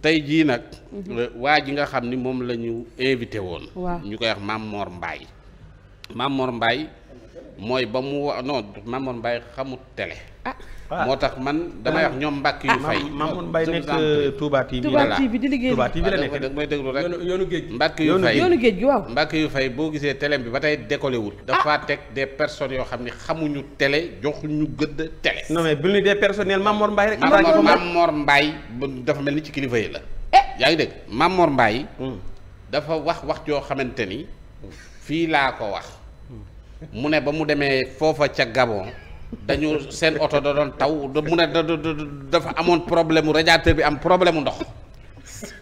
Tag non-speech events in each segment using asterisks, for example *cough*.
tey jii nag. Mhm. Euh, waa ji nga xam ni moom la ñu invité woon. ñu koy wax Mamor Mbaye Mamor Mbaye mooy ba mu wa non Mamor Mbaye xamut tele Ah. Ah. moo tax man damay wax ñoom mbàkk yu ah, fay. Mamoun Mbaye nekk euh, Touba TV. Touba TV di liggéey Touba TV la nekk da may déglu rek yoonu géej mbàkk yu fay yoonu géej gi waaw. mbàkk yu fay boo gisee télé bi ba tey décollé wul. dafa teg des personnes yoo xam ne xamuñu télé joxuñu gëdd télé. non mais bu ñu dee personnel Mamor Mbaye rek. Mamor Mbaye dafa mel ni ci kilifa yi la. Eh. yaa ngi dégg Mamor Mbaye. Hmm. dafa wax wax yoo xamante ni. fii laa ko wax. Hmm. mu ne ba mu demee foofa ca Gabon. dañu seen oto da doon taw da mu ne da dafa amoon problème radiateur bi am problème ndox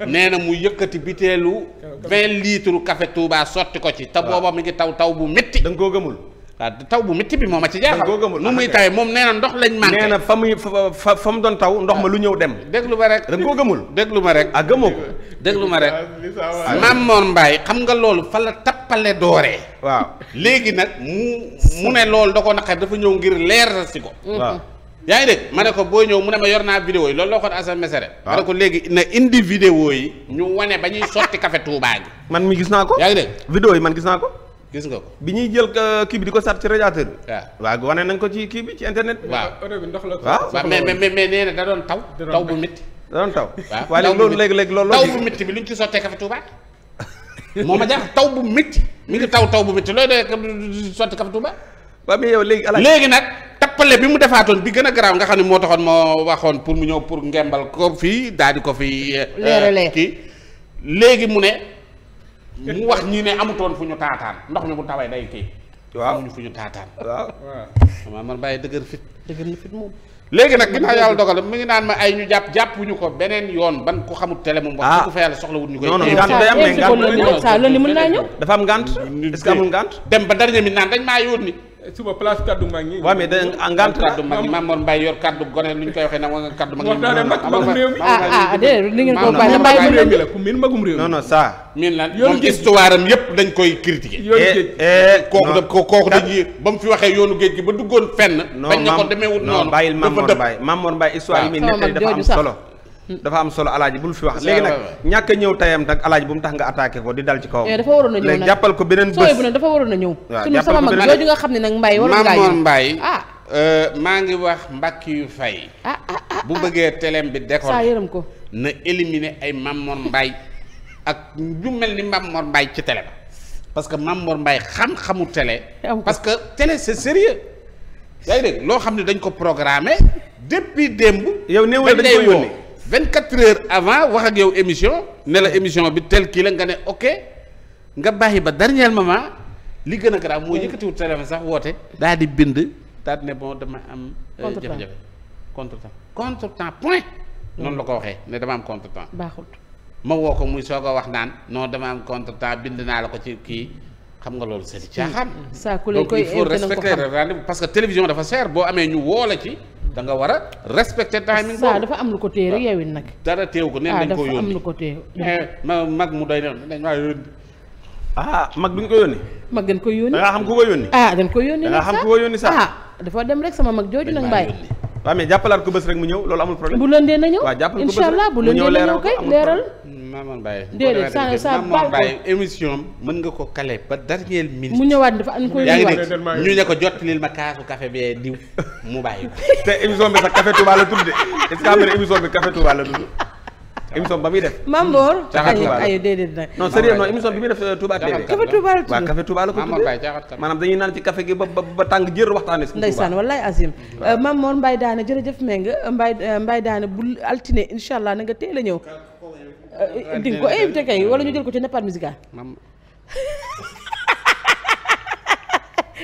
nee na mu yëkkati biteelu vingt litres café Touba sotti ko ci te booba mi ngi taw taw bu métti danga koo gëmul waaw taw bu métti bi moo ma ci jaaxal nu muy tawee moom nee na ndox lañ manqué nee na fa muy fa fa mu doon taw ndox ma lu ñëw dem déglu ma rek da koo gëmul déglu ma rek a ah, gëmoo ko lu ma rek *laughs* maam Mor Mbaye xam nga loolu fa la tappale dooree waaw léegi nag mu mu ne lool da ko naqar dafa ñëw ngir leer si ko waaw mm-hmm. yaa ngi dégg ma ne ko booy ñëw mu ne ma yor naa vidéo yi lool loo xoon asa mesere ma ko léegi na indi vidéo yi ñu wane ba ñuy sotti café Touba gi man mi gis naa ko yaa yi man gis naa ko gis nga ko bi ñuy jël euh, kii bi di ko sat ci radiateur bi. waaw waaw wane nañ ko ci kii bi ci internet bi. waaw ndox mais mais mais nee na da doon taw. taw bu métti. da doon taw waaw léegi loolu léegi léegi loolu. taw bu métti *laughs* moo ma jaaxal taw bu métti. mi ngi taw taw bu métti looy doon sotti kafe Touba. waaw mais yow léegi. léegi nag tappale bi mu defaatoon bi gën a garaaw nga xam ne moo taxoon moo waxoon pour mu ñëw pour ngembal ko fii daal di ko fi. Euh, leeralee euh, kii léegi mu ne mu wax ñi ne amutoon fu ñu taataan ndox mi bu tawee day kii. waaw amuñu fu ñu taataan. waaw waaw. man bàyyi dëgër fit dëgër na fit moom. léegi nag ginnaaw yàlla dogal mi ngi naan ma ay ñu jàpp jàppuñu ko beneen yoon ban ko xamut télé moom. wax ko ah. fa yàlla soxla wut ñu koy. non non ngant day am ne ngant dafa am ngant. est-ce que amul ngant. dem ba dernier mi naan dañ maa yónni Eh, suba place kaddu mag ñi. waaw mais da ngant kaddu mag ñi Mamour Mbaye yor kaddu gone lu ñu koy waxee nag nga kaddu mag ñi. waxtaanee mag magum réew mi ah, ah, ko bàyyi magum réew mi la histoire am yëpp dañ koy critiquer. yoonu eh, géej eh, kooku da kooku dañuy ba mu fi waxee yoonu géej gi ba duggoon fenn. bañ na ko demeewul noonu non bàyyil Mamour Mbaye Mamour Mbaye histoire yi muy ah. nettali dafa am solo. dafa am solo alaaji bul fi wax léegi nag ñàkk a ñëw tayam nag alaaj bu mu tax nga attaqué ko di dal ci kawam eh, dafa waroon a ñëw nag jàppal ko beneen bés bu dafa waroon a ñëw sunu sama mag jooju nga xam ne nag mbay waroon ah. euh, maa ngi wax mbàkk yu fay ah, ah, bu bëggee teleem bi décolle saa yërëm ko na élimine ay Mamor mbay ak ñu mel ni Mamor Mbaye ci télé ba parce que Mamor mbay xam-xamu tele parce que télé c'est sérieux yaa ngi loo xam ne dañ ko programmé depuis démb yow néew dañ ko yónni vingt 24 heures avant wax ak yow émission ne la émission bi tel kii la nga ne ok nga bàyyi ba dernier moment li gën a garaaw moo yëkkatiwul téléphone sax woote daal di bind daal di ne bon dama am. Euh, jafe-jafe contre temps contre temps point. noonu la ko waxee ne dama am contre temps. baaxul ma woo ko muy soog a wax naan non dama am contre temps bind naa la ko ci kii. xam nga loolu c'est saa ku leen koy donc il faut respecter que télévision dafa cher boo amee ñu woo ci. da nga war a respecte timing boobu dafa am lu ko téye rek yeewin nag. dara téew ko nee nañ ko yónni dafa am lu ko téye. Eh, mag mu doy ne ma yónni. ah mag duñ ko yónni. mag dañ ko yónni da nga xam ku ko yónni. ah dañ ko yónni nag sax xam ku ko yónni sax. ah dafa dem rek sama mag jooju nag mbaay. waaw mais jàppalaat ko bés rek mu ñëw loolu amul problème. bu lëndee na ñëw. waaw jàppal ko bu lëndee na ñëw leeral. Mamour Mbaye. déedéet saa saa Mamour Mbaye émission mën nga ko kale ba dernière minute. mu ñëwaat dafa an koy ñëwaat ñu ne ko jottalil ma kaasu café bi diw mu bàyyi ko. *laughs* te émission bi sax café Touba la tudd est-ce que am na émission bi café Touba la tudd. émission ba muy def. Mamboor. caaxaan Touba ay ay déedéet nag. non sérieux non émission bi muy def euh, Touba TV. café Touba la tudd waaw café Touba la ko tudd. maanaam dañuy naan ci café gi ba ba tàng jër waxtaanee. Touba ndeysaan wallaay Azim. Euh, Mamboor Mbaye Daane jërëjëf Mbengue euh, Mbaye Mbaye Daane bu altine incha allah na nga teel a ñëw. di nga ko invité kay wala ñu jël ko ci Nepad Musica *laughs*